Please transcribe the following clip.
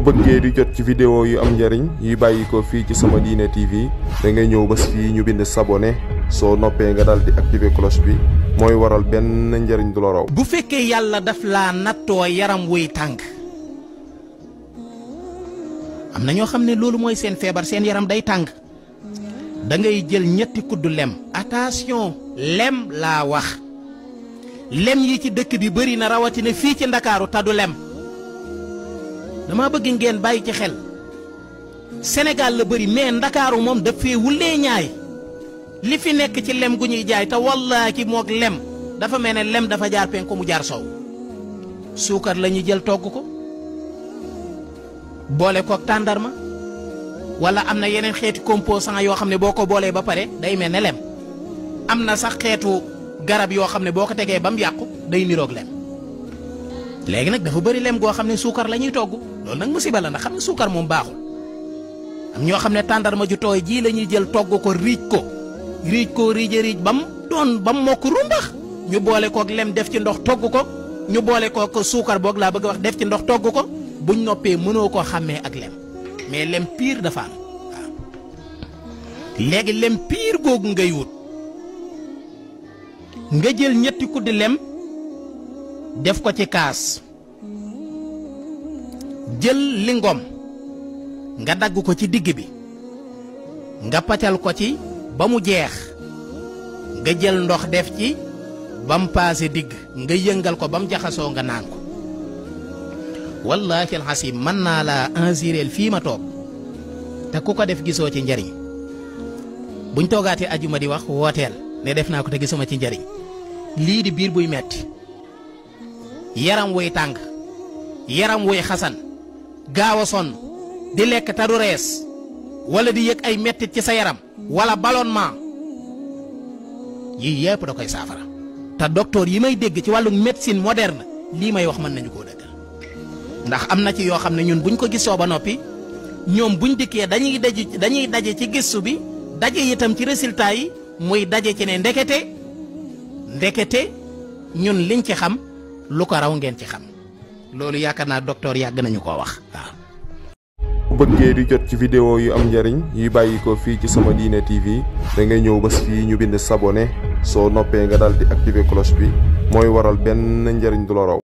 bëggee di jot ci vidéo yu am njëriñ yi bàyyi ko fii ci sama diine TV da ngay ñëw bés fii ñu bind sabonné soo noppee nga daal di activer bi mooy waral benn njariñ du la raw. bu fekkee yàlla daf laa nattoo yaram wuy tàng am na ñoo xam ne loolu mooy seen feebar seen yaram day tàng dangay jël ñetti kuddu lem. attention lem laa wax lem yi ci dëkk bi bëri na rawatina fii ci ndakaaru taddu lem. dama bëgg ngeen bàyyi ci xel Sénégal la bëri mais ndakaaru moom daf fee ñaay li fi nekk ci lem gu ñuy jaay te ki moog lem dafa mel ne lem dafa jaar penku mu jaar sow suukar lañuy jël togg ko boole kook tàndarma wala am na yeneen xeeti composant yoo xam ne boo ko boolee ba pare day mel ne lem am na sax xeetu garab yoo xam ne boo ko tegee ba mu yàqu day niroog lem. légui nak dafa bari lem go xamné sukar sukar togg lool nak musiba la nak xam sukar mom moom am ño xamné tandarma ju toy ji lañuy jël togg ko riij ko riij ko riije riij bam don bam mokk rumbax ñu boole ak lem def ci ndox togg ko ñu boole ak sukar bok la bëgg wax def ci ndox togg ko buñ noppé mëno ko xamé ak lem mais lem pire dafa am légui lem pire gog ngay wut nga jël ñetti kudd lem def ko ci kaas jël li nga dagg ko ci digg bi nga pacal ko ci ba mu jeex nga jël ndox def ci ba mu paase digg nga yëngal ko ba mu jaxasoo nga naan ko wallaahi alxasim mën naa laa insiréel fii ma toog te ku ko def gisoo ci njariñ buñ toogaatee ajuma di wax wooteel ne def naa ko te gisuma ci njariñ lii di biir buy metti yaram wuy tàng yaram wuy xasan gaaw a sonn di lekk taru rees wala di yëg ay mettit ci sa yaram wala ballonnement yii yëpp da koy saafara te docteur yi may dégg ci wàllu médecine moderne lii may wax mën nañu koo dëggal ndax am na ci yoo xam ne ñun buñ ko gisoo ba noppi ñoom buñ dikkee dañuy daje dañuy daje ci gëstu bi daje yitam ci résultat yi muy daje ci ne ndekete ndekete ñun liñ ci xam lu ko raw ngeen ci xam loolu yaakaar naa docteur yàgg nañu ko wax waaw. bu bëggee di jot ci vidéo yu am njëriñ yi bàyyi ko fii ci sama diine TV da ngay ñëw bés fii ñu bind sabonné soo noppee nga daal di activer cloche bi mooy waral benn njëriñ du la raw